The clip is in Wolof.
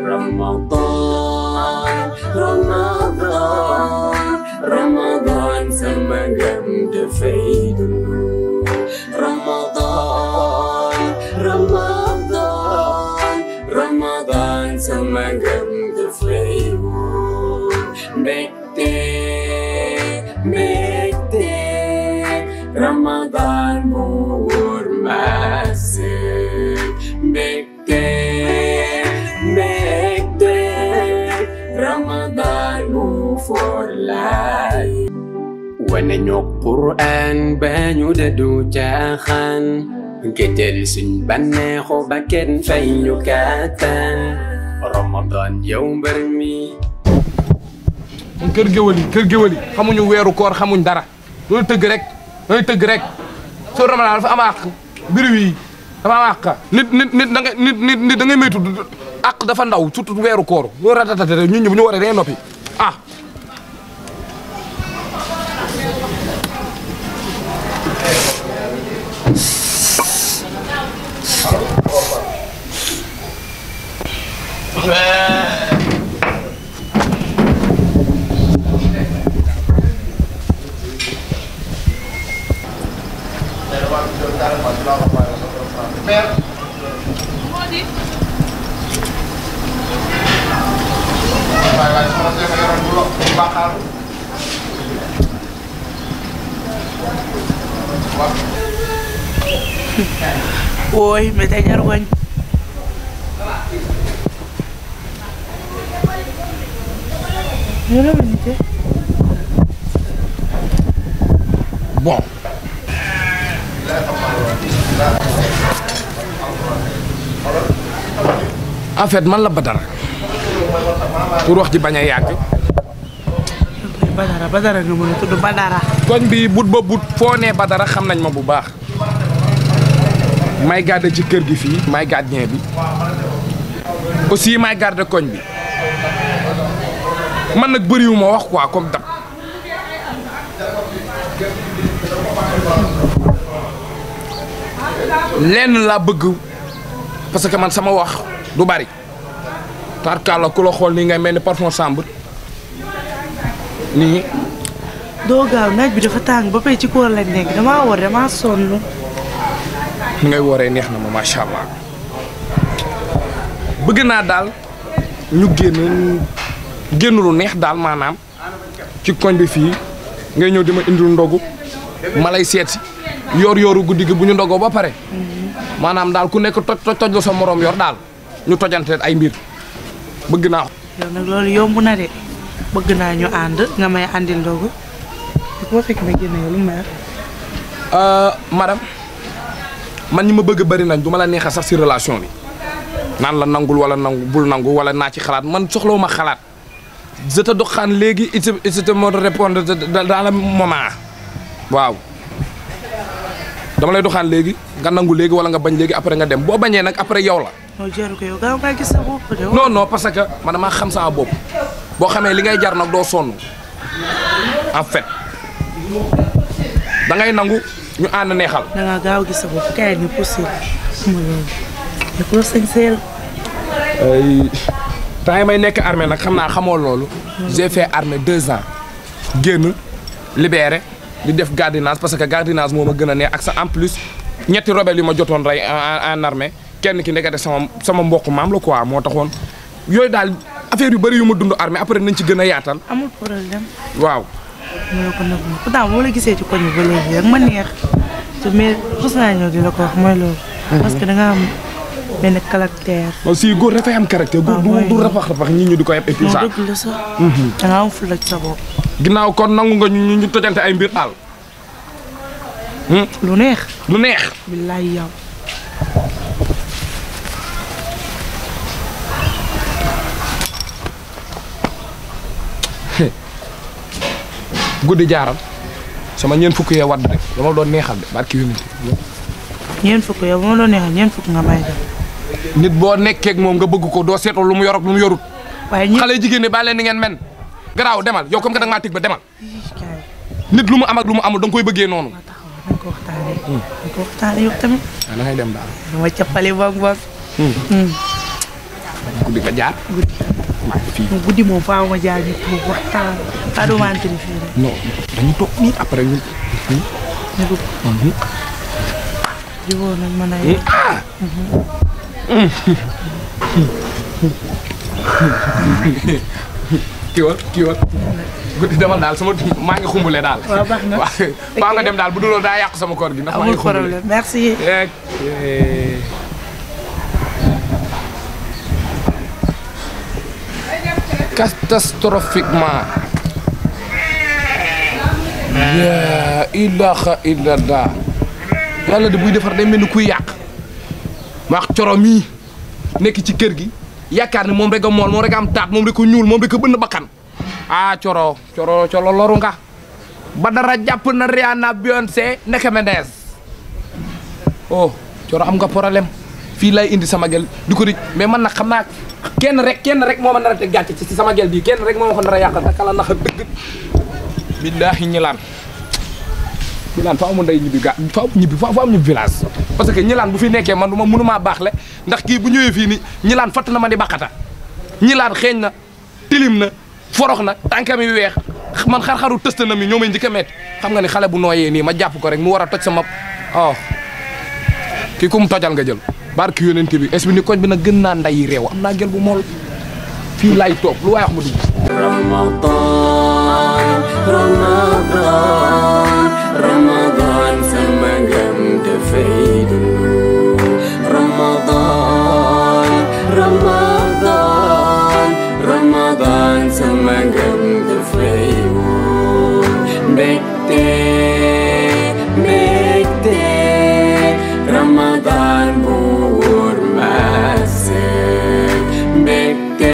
Ramadan, Ramadan, Ramadan sama gamda faidun Ramadan, Ramadan, Ramadan sama gamda faidun nañu quraan ba ñu dëddu caaxaan géteel suñ bànneexu ba kenn fay ñu kàttan ramadan yow mbër kër géwël yi kër géwël yi xamuñu weeru koor xamuñ dara loolu tëgg rek loolu tëgg rek soo ramadan dafa am àq mbir wi dafa am àq nit nit nit da nga nit nit nit da dafa ndaw surtout weeru koor loolu ratatata ñun ñëpp ñu war a dee noppi bakal Woi, metanya ruan. Yalah Ya Bom. En fait man la Badar pour wax ji baña yak. Badara Badara nga mën a tudd Badara. koñ bi but ba but foo nee Badara xam nañ ma bu baax may garde ci kër gi fii may gardien bi aussi may garde koñ bi man nag bëriwuma wax quoi comme dab lenn laa bëgg parce que man sama wax du bari tarkaala ku la xool nii ngay mel parfum chambre nii. doo gaaw naaj bi dafa tàng ba pay ci kóor lañ nekk damaa war damaa sonn. ni ngay wooree neex na ma macha allah bëgg naa daal ñu génn génn neex daal maanaam ci koñ bi fii ngay ñëw di ma indil ndogu malay seet si yor yoru guddi gi bu ñu ndogoo ba pare. maanaam daal ku nekk toj toj la sa moroom yor daal ñu tojante ay mbir bëgg naa. yomb na de. bëgg naa ñu ànd nga may àndil ndogu ku ma fekk ma génne lu mer euh, madame man ñi ma bëgg bari nañ duma la neexal sax ci relation bi naan la nangul wala nangu bul nangu wala naa ci xalaat man soxlawu ma xalaat je te doxaan léegi il te moo répondre dans le moment waaw dama lay doxaan léegi nga nangu léegi wala nga bañ léegi après nga dem boo bañee nag après yow la. non jaru ko yow gaaw ngaa gis sa bopp non non parce que man damaa xam sama bopp. boo xamee li ngay jar nag doo sonn en fait da ngay nangu ñu ànd neexal. da ngaa may nekk armée nag xam naa xamoo loolu. j'ai fait armée deux ans. génn libéré di def gardiennage parce que gardiennage moom a gën a neex ak sa en plus ñetti rebelle yi ma jotoon rey en en armée kenn ki nekk de sama sama mbokk maam la quoi moo taxoon yooyu daal. affaire yu bari yu ma dund armée après nañ ci gëna yaatal. amul problème. waaw. mu la ko nëbb pourtant boo la gisee ci koñ ba léegi rek ma neex te mais xos naa ñëw di la ko wax mooy loolu. parce que da nga am benn caractère. aussi góor dafay am caractère. waaw ah, mooy du rapax rapax ñii ñu di ko la mhm. da nga am ci sa guddi jaaral sama ñeen fukk ya wad rek dama doon neexal de barki wi ñeen fukk ya mo doon neexal ñeen fukk nga may nit bo nekké ak mom nga bëgg ko do sétol lu mu yorok lu mu yorut xalé jigéen ni ba leen ngeen men graw demal yow kom nga dag ma tik ba demal nit lu mu am ak lu mu amul dang koy bëggé nonu ko waxtane yow tamit ah, da ngay dem dama bok bok hmm ka hmm. jaar mu ya. eh, ah! guddi moom faaw ma jaar ñu toog waxtaan do doo maa interview rek non dañu toog nii après ñu ñu dugg juboo nag mën a yee kiwal kiwal guddi dama daal sama maa ngi xumbule daal waaw baax na waaw nga dem daal bu dul daa yàq sama koor gi ndax maa ngi xumbule merci ma ya ilaha illallah yalla de buy defar day melni kuy yak wax coro mii nek ci kër gi yakar ni mom rek am mol mom rek am tat mom rek ko ñuul mom rek a bakkan ah coro coro coro loru nga ba dara japp na Rihanna Beyoncé nekemenes Mendes oh coro am nga problème fi lay indi sama gel di ko rëcc mais man na xam kenn rek kenn rek moo ma nar a ci sama gel bi kenn rek moo ma ko nar a yàqal te kala naxa dëgg billaahi ñilan ñilaan fa amu nday ñibi ga fa ñibi fa fa am ñibbi village parce que ñilan bu fi nekké man duma mënuma mënumaa baaxle ndax ki bu ñëwé fi ni ñilan fatt na ma di bakata ñilan xéñ na tilim na forox na tankami wéx man xar-xaru teust na mi ñoo may met xam nga ni xalé bu noyé ni ma japp ko rek mu wara a toj sama oh kii ku tojal nga jël barke yonent bi es bi ni koñ bi nag gën naa nday réew am naa gel bu mool fii laay toog lu waaye wax ma dugg. Ramadan Ramadan